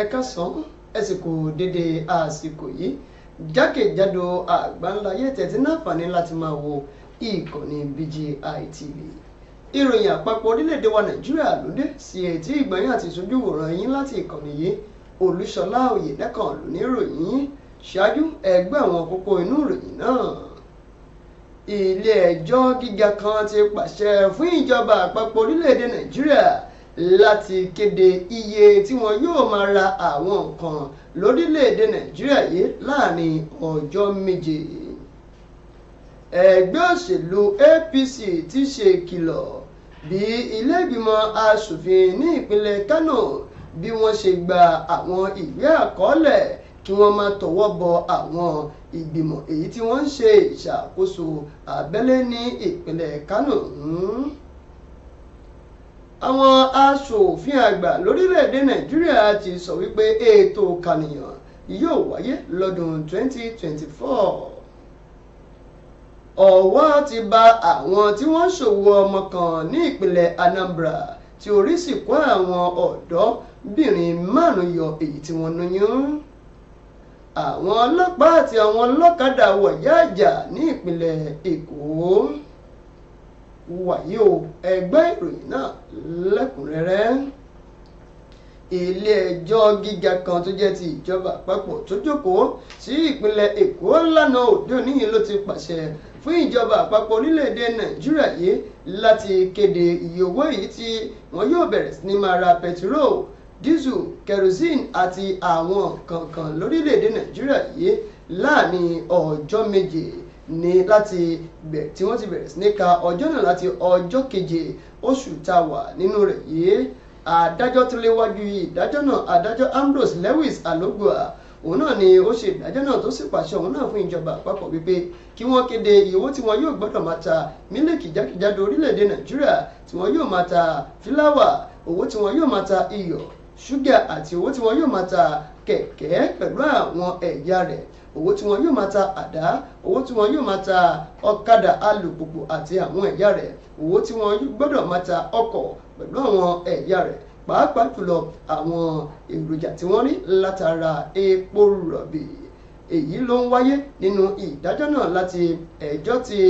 ẹ káàsán ẹ sì kú dédé àsìkò yìí jákèjádò àgbáńláyé tẹ̀tí náàfààní láti máa wo ìkànnì BGI TV ìròyìn àpapọ̀ orílẹ̀-èdè wa nàìjíríà ló dé sí etí ìgbọ̀nyìn àti ìṣojúwòrán yín láti ìkànnì yìí olùṣọlá oyèdẹ́kan lóníròyìn ṣáájú ẹgbẹ́ àwọn kókó inú ìròyìn náà ilé ẹjọ́ gíga kan ti pàṣẹ fún ìjọba àpapọ̀ orílẹ̀-èdè nàìjíríà láti kéde iye tí wọn yóò máa ra àwọn nǹkan lórílẹ̀-èdè nàìjíríà yìí láàrin ọjọ́ méje ẹgbẹ́ òṣèlú APC ti ṣe ìkìlọ̀ bí ilé ìgbìmọ̀ asòfin ní ìpínlẹ̀ Kánò bí wọ́n ṣe gba àwọn ìwé àkọọ́lẹ̀ kí wọ́n má tọwọ́ bọ àwọn ìgbìmọ̀ èyí tí wọ́n ń ṣe ìṣàkóso àbẹ́lé ní ìpínlẹ̀ Kánò hmm. àwọn aṣòfin àgbà lórílẹ̀‐èdè Nàìjíríà ti sọ wípé ètò kànìyàn yóò wáyé lọ́dún 2024 ọwọ́ ti bà àwọn tí wọ́n ṣòwò ọmọ kan ní ìpínlẹ̀ Anambra tí orí sì kó àwọn ọ̀dọ́bìnrin márùn-ún yọ èyí tí wọ́n lóyún. No àwọn ọlọ́pàá àti àwọn ọlọ́kadà wọ̀yáàjà ní ìpínlẹ̀ Èkó wàyí o ẹgbẹ́ ìròyìn náà lẹ́kùnrẹ́rẹ́ ilé ẹjọ́ gíga kan tó jẹ́ ti ìjọba àpapọ̀ tó jókòó sí ìpínlẹ̀ Èkó lánàá òde òní yìí ló ti pàṣẹ fún ìjọba àpapọ̀ orílẹ̀-èdè Nàìjíríà yìí láti kéde iye owó èyí tí wọ́n yóò bẹ̀rẹ̀ sí ní máa ra pẹtiró dísù kerosene àti àwọn kankan lórílẹ̀‐èdè nàìjíríà yìí láàrin ọjọ́ méje ní láti bẹ̀rẹ̀ tí wọ́n ti bẹ̀rẹ̀ sí ní ka ọjọ́ náà láti ọjọ́ keje oṣù tá a wà nínú rẹ̀ yìí adájọ́ tó léwájú ìdájọ́ náà adájọ́ Ambrose Lewis Alogua òun náà ni ó ṣe ìdájọ́ náà tó sì pàṣẹ òun náà fún ìjọba àpapọ̀ wípé kí wọ́n kéde ìwó tí wọn yóò gbọ́dọ̀ máa ta mílíkì jákèjádò orílẹ̀-èdè Nàìjíríà tí wọn yóò máa ta fíláwà owó tí wọn yóò máa ta iyọ̀ ṣúgà àti owó tí wọn yóò máa ta kẹ̀kẹ́ pẹ̀lú àwọn ẹ̀yà rẹ̀ owó tí wọn yóò máa ta àdá owó tí wọn yóò máa ta ọ̀kadà alùpùpù àti àwọn ẹ̀yà rẹ̀ owó tí wọn gbọ́dọ̀ máa ta ọkọ̀ pẹ̀lú àwọn ẹ̀yà rẹ̀ pàápàá jùlọ àwọn èròjà tí wọ́n rí látara epo rọ̀bì èyí ló ń wáyé nínú ìdájọ́ náà láti ẹjọ́ ti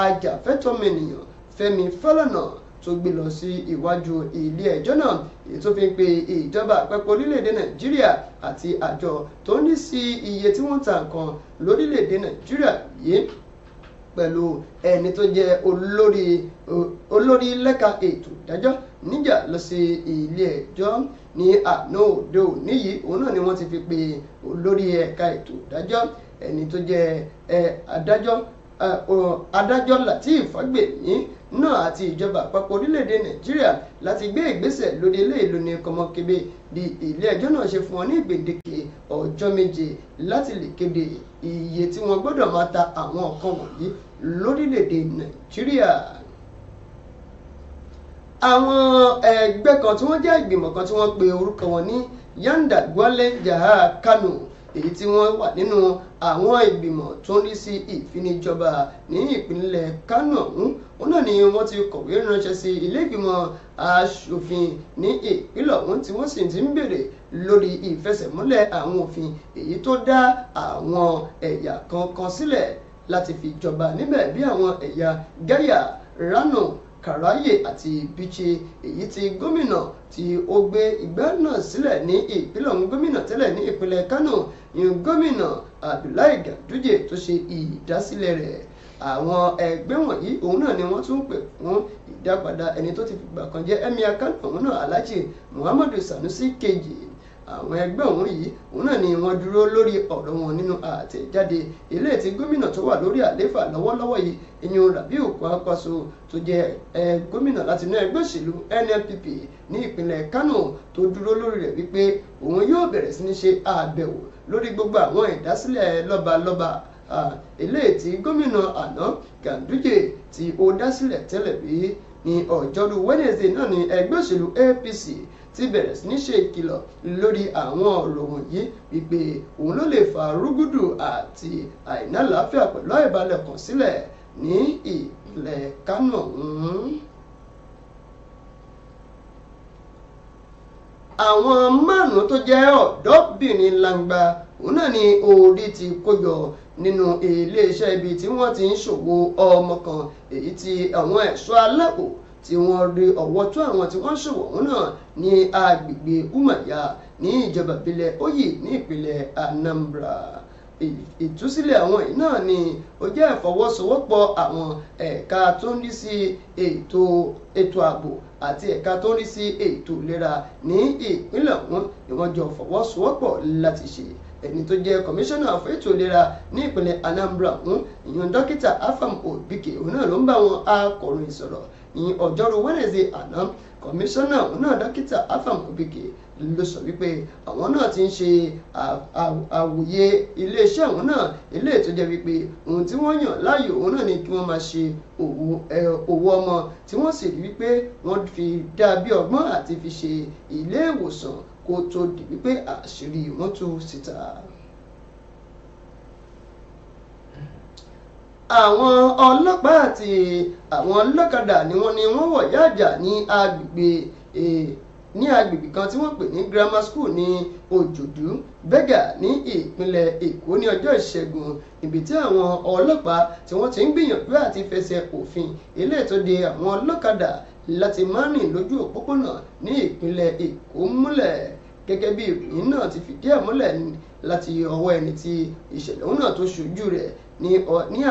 ajàfẹ́tọ̀mọ̀nìyàn Fẹ́mi Fálànà tó gbé lọ sí iwájú ilé ẹjọ́ náà tó fi ń pe ìjọba àpapọ̀ orílẹ̀-èdè nàìjíríà àti àjọ tó ní sí iye tí wọ́n ń ta nǹkan lórílẹ̀-èdè nàìjíríà yìí pẹ̀lú ẹni tó jẹ́ olórí olórí lẹ́ka ètò ìdájọ́ níjà lọ sí ilé ẹjọ́ ní àná òde òní yìí òun náà ni wọ́n ti fi pe olórí ẹ̀ka ètò ìdájọ́ ẹni tó jẹ́ adájọ́ adájọ́ Lateef náà àti ìjọba àpapọ̀ orílẹ̀-èdè nàìjíríà láti gbé ìgbésẹ̀ lórí ilé ìlú ní kọmọkébé bí ilé ẹjọ́ náà ṣe fún wọn ní gbèdéke ọjọ́ méje láti lè kéde iye tí wọ́n gbọ́dọ̀ máa ta àwọn nǹkan wọ̀nyí lórílẹ̀-èdè nàìjíríà àwọn ẹgbẹ́ kan tí wọ́n jẹ́ ìgbìmọ̀ kan tí wọ́n pe orúkọ wọn ní Yanda Gwale Jaha Kano èyí tí wọ́n wà nínú àwọn ìgbìmọ̀ tó ń rí sí ìfinijọba ní ìpínlẹ̀ Kánò ọ̀hún òun náà ni wọ́n ti kọ̀wé ránṣẹ́ sí ilé ìgbìmọ̀ aṣòfin ní ìpínlẹ̀ ọ̀hún tí wọ́n sì ti ń béèrè lórí ìfẹsẹ̀múlẹ̀ àwọn òfin èyí tó dá àwọn ẹ̀yà kankan sílẹ̀ láti fi jọba níbẹ̀ bí àwọn ẹ̀yà Gaya Rano Karaye àti Bichi èyí tí gómìnà tí ó gbé ìgbẹ́ náà sílẹ̀ ní ìpínlẹ̀ ọ̀hún gómìnà tẹ́lẹ̀ ní ìpínlẹ̀ Kánò ìyún gómìnà Abdullahi Ganduje tó ṣe ìdásílẹ̀ rẹ̀ àwọn ẹgbẹ́ wọ̀nyí òun náà ni wọ́n tún pè fún ìdápadà ẹni tó ti fìgbà kan jẹ́ Emir Kano òun náà Alhaji Muhammadu Sanusi kejì àwọn ẹgbẹ́ òun yìí òun náà ni wọ́n dúró lórí ọ̀rọ̀ wọn nínú àtẹ̀jáde ilé tí gómìnà tó wà lórí àléfà lọ́wọ́lọ́wọ́ yìí ìyún Rabiu Kwankwaso tó jẹ ẹ gómìnà láti inú ẹgbẹ́ òṣèlú NNPP ní ìpínlẹ̀ Kánò tó dúró lórí rẹ̀ wípé òun yóò bẹ̀rẹ̀ sí ní ṣe àbẹ̀wò lórí gbogbo àwọn ìdásílẹ̀ lọ́balọ́ba eléyìí tí gómìnà àná Ganduje tí ó dásílẹ̀ tẹ́lẹ̀ rí ní ọjọ́rú Wednesday náà ní ẹgbẹ́ òṣèlú APC ti bẹ̀rẹ̀ sí ní ṣe ìkìlọ̀ lórí àwọn ọ̀rọ̀ wọ̀nyí wípé òun ló lè fa rúgúdù àti àìníàlàáfíà pẹ̀lú àìbalẹ̀kàn sílẹ̀ ní ìpínlẹ̀ Kánò ọ̀hún. àwọn márùn-ún tó jẹ́ ọ̀dọ́bìnrin langba òun náà ni orí ti kójọ nínú iléeṣẹ́ ibi tí wọ́n ti ń ṣòwò ọmọ kan èyí tí àwọn ẹ̀ṣọ́ aláàbò tí wọ́n rí ọwọ́ tó àwọn tí wọ́n ṣòwò òun náà ní agbègbè umaya ní ìjọba ìbílẹ̀ oyè ní ìpínlẹ̀ Anambra ìtúsílẹ̀ àwọn yìí náà ni ó jẹ́ ìfọwọ́sowọ́pọ̀ àwọn ẹ̀ka tó ń rí sí ètò ètò ààbò àti ẹ̀ka tó ń rí sí ètò ìlera ní ìpínlẹ̀ ọ̀hún ni wọ́n jọ fọwọ́sowọ́pọ̀ láti ṣe ẹni tó jẹ́ kọmíṣánná fún ètò ìlera ní ìpínlẹ̀ Anambra ọ̀hún ìyọ̀n dókítà afam obike òun náà ló ń bá àwọn akọ̀ròyìn sọ̀rọ̀ ìyìn ọjọ́rú Wednesday àná kọmíṣánná ọ̀hún náà dókítà afam obìgè ló sọ wípé àwọn náà ti ń ṣe àwòye iléeṣẹ́ ọ̀hún náà eléyìí tó jẹ́ wípé ohun tí wọ́n yàn láàyò òun náà ni kí wọ́n máa ṣe òwò ọmọ tí wọ́n sì rí wípé wọ́n fi dá bí ọgbọ́n àti fi ṣe ilé ìwòsàn kó tó di wípé àṣírí wọn tú síta. àwọn ọlọ́pàá àti àwọn ọlọ́kadà ni wọ́n Ni wọ́n wọ̀yá àjà ní agbègbè e, ní agbègbè kan tí wọ́n pè ní grammar school ní òjòdú bẹ́gà ní ìpínlẹ̀ èkó ní ọjọ́ ìṣẹ́gun ibi tí àwọn ọlọ́pàá tí wọ́n ti ń gbìyànjú àti fẹsẹ̀ òfin ilé tó de àwọn ọlọ́kadà láti má rìn lójú òpópónà ní ìpínlẹ̀ èkó múlẹ̀ gẹ́gẹ́ bí ìròyìn náà ti fìdí ẹ̀ múlẹ̀ láti ọwọ́ ẹni tí ìṣẹ̀lẹ̀ òun náà tó ṣojú rẹ̀ ní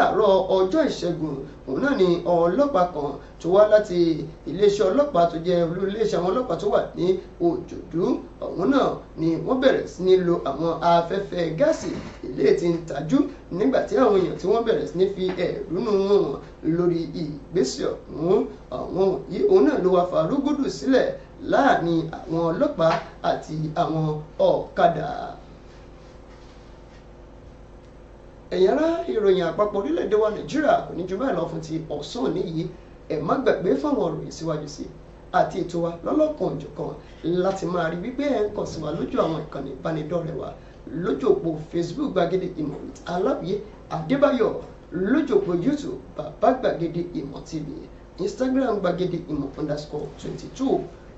àárọ̀ ọjọ́ ìṣẹ́gun òun náà ni ọlọ́pàá kan tó wá láti iléeṣẹ́ ọlọ́pàá tó jẹ́ olú iléeṣẹ́ àwọn ọlọ́pàá tó wà ní òjòdú ọ̀hún náà ni wọ́n bẹ̀rẹ̀ sí ní lo àwọn afẹ́fẹ́ gáàsì ilé tí ń tajú nígbà tí àwọn èèyàn tí wọ́n bẹ̀rẹ̀ sí ní fi ẹ̀rúnú wọn lórí ìgbésẹ̀ ọ̀hún àwọn yìí òun náà ló wá farúgúdù sílẹ̀ láàrin àwọn ọlọ́pàá àti àwọn ọ̀kadà. ẹ̀yin ará ìròyìn àpapọ̀ orílẹ̀-èdè wa nàìjíríà kò ní ju báyìí lọ fún ti ọ̀sán òní yìí ẹ má gbàgbé fáwọn ìròyìn síwájú sí àti ètò wa lọ́lọ́kan òjọ̀kan láti máa rí wípé ẹ̀ ń kàn sí wa lójú àwọn ìkànnì ìbánidọ́rẹ̀ẹ́ wa lójú òpó facebook gbàgede ìmọ̀ alábìyé adébáyọ̀ lójú òpó youtube bàbá gbàgede ìmọ̀ tv instagram gbàgede ìmọ̀ underscore twenty two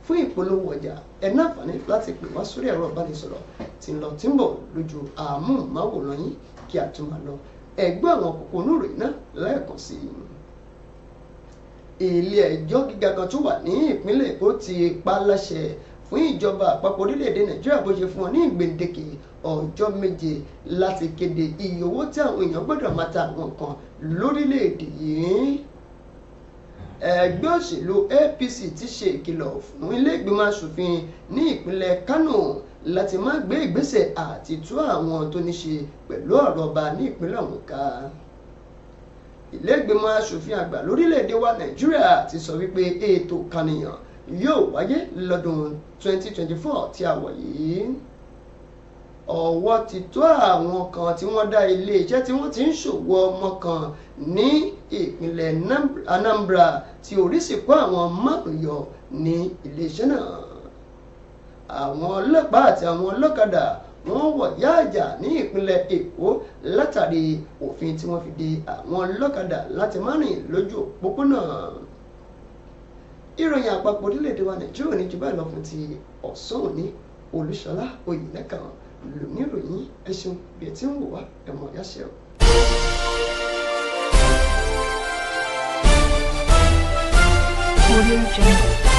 fún ìpolówó ọjà ẹ náà fàní láti pè wá sórí ẹ̀rọ ìbánisọ̀rọ̀ tí ń lọ tí ń bọ̀ lójú àmúhùnmáwòrán yín kí a tó máa lọ ẹ̀gbọ́n àwọn òpópónú rẹ̀ náà lẹ́ẹ̀kan sí i. ilé ẹjọ́ gíga kan tó wà ní ìpínlẹ̀ Èkó ti pa láṣẹ fún ìjọba àpapọ̀ orílẹ̀-èdè Nàìjíríà bó ṣe fún wọn ní ìgbèǹdéke ọjọ́ méje láti kéde iye owó tí àwọn èèyàn gbọ́dọ̀ máa ta àwọn nǹkan lórílẹ̀-èdè yìí ẹgbẹ́ òṣèlú APC ti ṣe ìkìlọ̀ fún ilé ìgbìmọ̀ asòfin ní ìpínlẹ̀ Kánò láti má gbé ìgbésẹ̀ àti tú àwọn tó ní ṣe pẹ̀lú ọ̀rọ̀ ọba ní ìpínlẹ̀ ọ̀hún ká ilé ìgbìmọ̀ asòfin àgbà lórílẹ̀‐èdè wa nàìjíríà ti sọ wípé ètò kànìyàn yóò wáyé lọ́dún 2024 tí a wọ̀ yìí ọwọ́ ti tó àwọn kan tí wọ́n dá iléeṣẹ́ tí wọ́n ti ń ṣòwò ọmọ kan ní ìpínlẹ̀ Anambra tí orí sì kó àwọn márùn-ún yọ ní iléeṣẹ́ náà àwọn ọlọ́pàá àti àwọn ọlọ́kadà wọ́n wọ̀ yáàjà ní ìpínlẹ̀ èkó látàrí òfin tí wọ́n fi de àwọn ọlọ́kadà láti má rìn lójú òpópónà ìròyìn àpapọ̀ orílẹ̀-èdè wa nàìjíríà ní jù báyìí lọ fún ti ọ̀sán òní olúṣọlá oyinẹ̀kan lóníròyìn ẹ ṣeun bí ẹ ti ń wò wá ẹ̀mọ̀ ọ̀yá ṣe o. Audio Jungle.